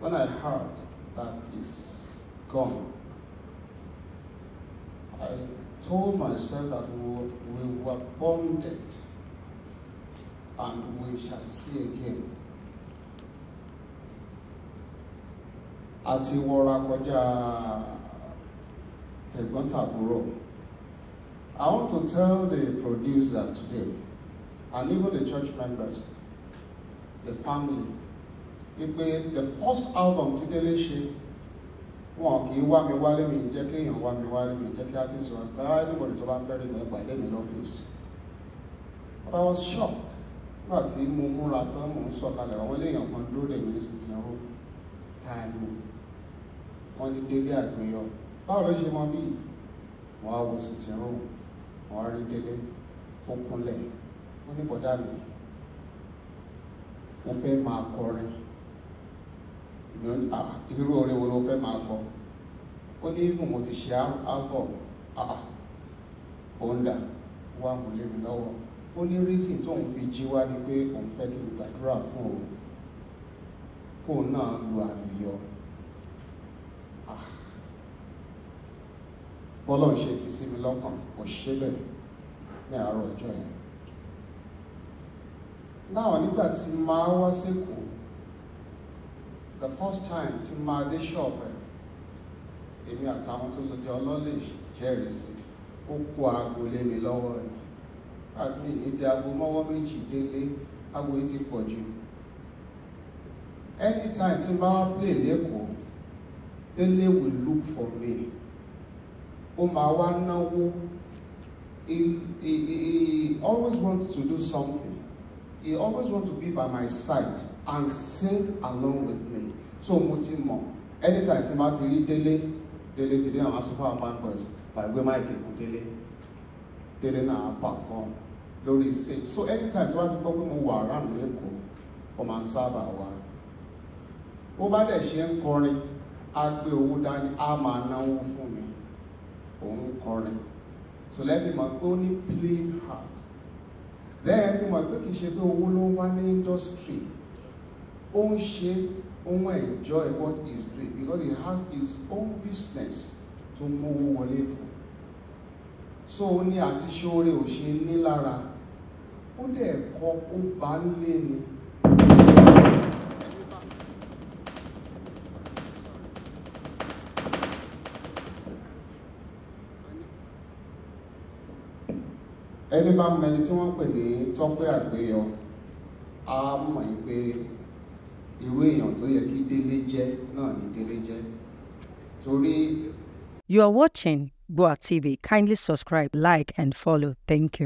when I heard that it's gone, I told myself that we, we were bonded and we shall see again. àti wọra I want to tell the producer today and even the church members, the family, wípé the first album tí Délé ṣe wọn kì í wá mi wálé mi jẹ́ kí èèyàn wá mi wálé mi jẹ́ kí artist wọn tá everybody tó bá bẹ́rẹ̀ mi pàdé mi lọ́fíìsì but I was shocked nígbà tí mo múra tán mò ń sọ̀kalẹ̀ àwọn eléyàn kan dúró dè mí ní sìtìyàn ó ta ẹnu wọn ní Délé Àgbéyọ báwo ló ṣe mọ bí wọn á wo sìtìyàn wọn á rí Délé ó kúnlẹ̀ ó ní bọ̀dá mi mo fẹ́ máa kọrin. Ah, irú orin wo ló fẹ́ máa kọ ó ní even mo ti ṣe alcohol ah, ah. ó ń dà wà mú lémi lọ́wọ́ ó ní reason tóun fi jí wá ni pé òun fẹ́ kí n gbàdúrà fún òun kóun náà lu àlùyọ bọ́lọ̀ ṣe fi sí mi lọ́kàn kò ṣe bẹ́ẹ̀ ní àárọ̀ ọjọ́ yẹn náà nígbà tí máa wá sí Èkó the first time tí máa dé ṣọ́ọ̀bù ẹ̀ èmi àtàwọn tó lọ́jọ́ ọlọ́lẹ̀ jẹ́rìí sí ó kó aago lé mi lọ́wọ́ ẹ̀ láti mi ní dago mọ́wọ́ méjì délé aago yìí ti pọ̀ jù anytime tí bá wá play lẹ́kọ̀ọ́ délé will look for me ó máa wá náwó he he he always wants to do something he always want to be by my side and sing along with me so muti mo anytime tí ma ti rí délé délé ti dé àwọn super pampers by gbé máìkì fún délé délé náà perform lórí stage so anytime tí wọ́n ti gbọ́ pé mo around the echo, máa ń sábà wá ó bá dẹ̀ ṣe ń kọrin á gbé owó dání á máa náwó fún mi òun kọrin so let him have only plain heart bẹ́ẹ̀ fi mọ̀ pé kì í ṣe pé owó ló wá ní industry ó ń ṣe ohun enjoy what he's doing because he has his own business tó mówó wọlé fún so ó ní àti ṣóore ò ṣe ní lára ó dẹ̀ kọ́ ó bá ń ni. ẹni bá mọ tí wọ́n pè ní tọ́pẹ́ àgbéyọ á mọ̀ yí pé irú èèyàn tó yẹ kí délé jẹ́ náà ni délé jẹ́ torí. You are watching Gboah TV. Kindly subscribe, like, and follow. Thank you.